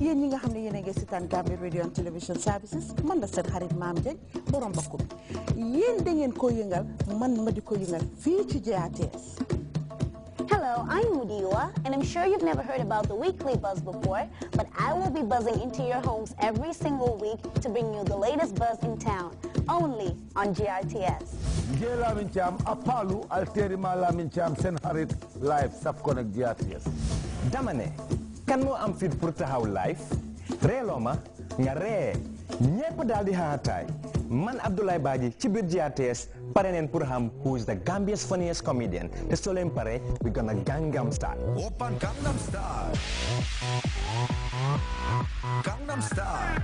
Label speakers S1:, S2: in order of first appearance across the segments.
S1: yéen ñi nga radio and television services man la seen xarit borom yéen da ngeen ko yëngal man ma di ko yëngal ci Hello, I'm Mudiwa, and I'm sure you've never heard about the weekly buzz before, but I will be buzzing into your homes every single week to bring you the latest buzz in town, only on GRTS.
S2: Jay Lamin Cham, Apalu, Alterima Lamin Cham, Senharit, Live, Subconnect GRTS. Damane, kan mo am fit pour taxaw live reeloo ma nga re ñepp dal di xaataay man Abdoulaye Badji ci bir GRTS pare neen pour ham who is the Gambia's funniest comedian te soo we gonna Gangnam Style open Gangnam Style
S1: Gangnam Style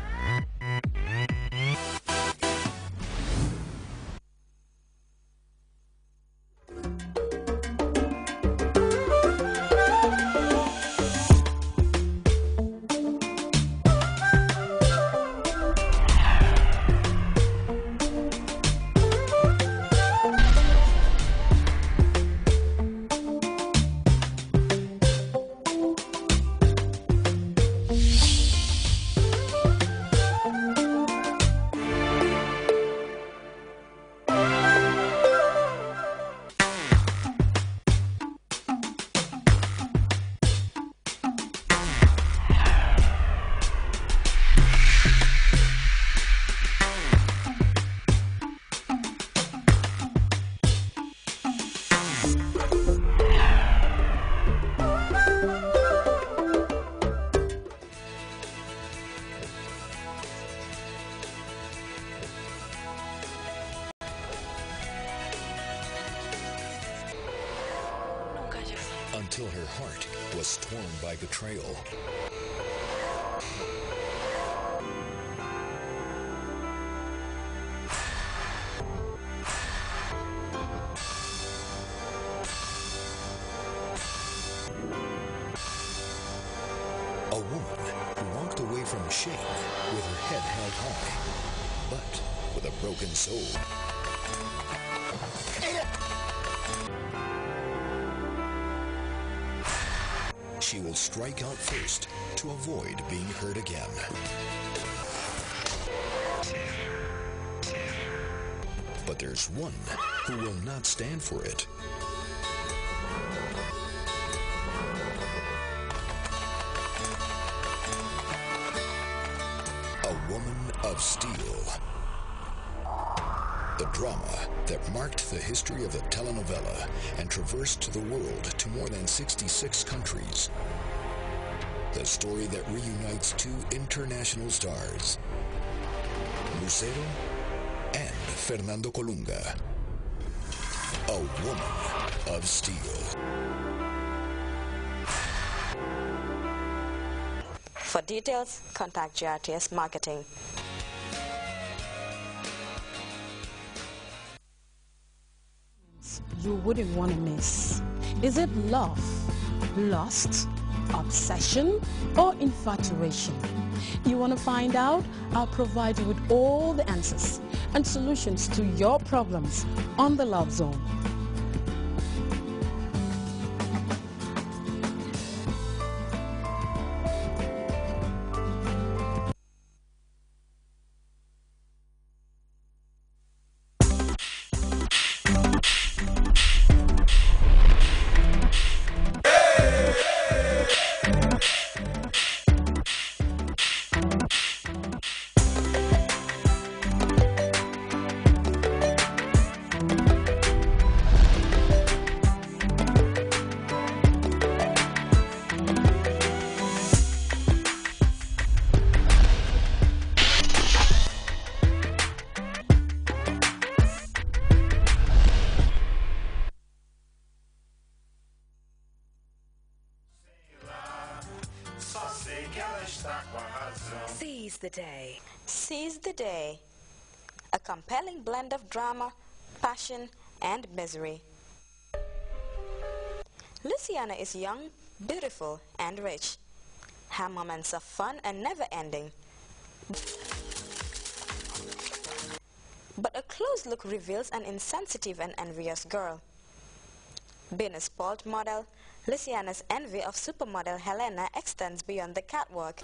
S2: until her heart was torn by betrayal. A woman who walked away from shame with her head held high, but with a broken soul. she will strike out first to avoid being hurt again. But there's one who will not stand for it. A woman of steel the drama that marked the history of the telenovela and traversed the world to more than 66 countries. The story that reunites two international stars, Lucero and Fernando Colunga. A woman of steel.
S1: For details, contact GRTS Marketing. you wouldn't want to miss. Is it love, lust, obsession, or infatuation? You want to find out? I'll provide you with all the answers and solutions to your problems on The Love Zone. Seize the Day. Seize the Day. A compelling blend of drama, passion, and misery. Luciana is young, beautiful, and rich. Her moments are fun and never-ending. But a close look reveals an insensitive and envious girl. Being a spoiled model, Luciana's envy of supermodel Helena extends beyond the catwalk.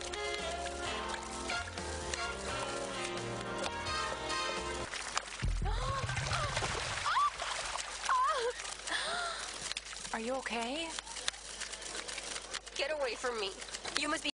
S2: Are you okay? Get away from me. You must be.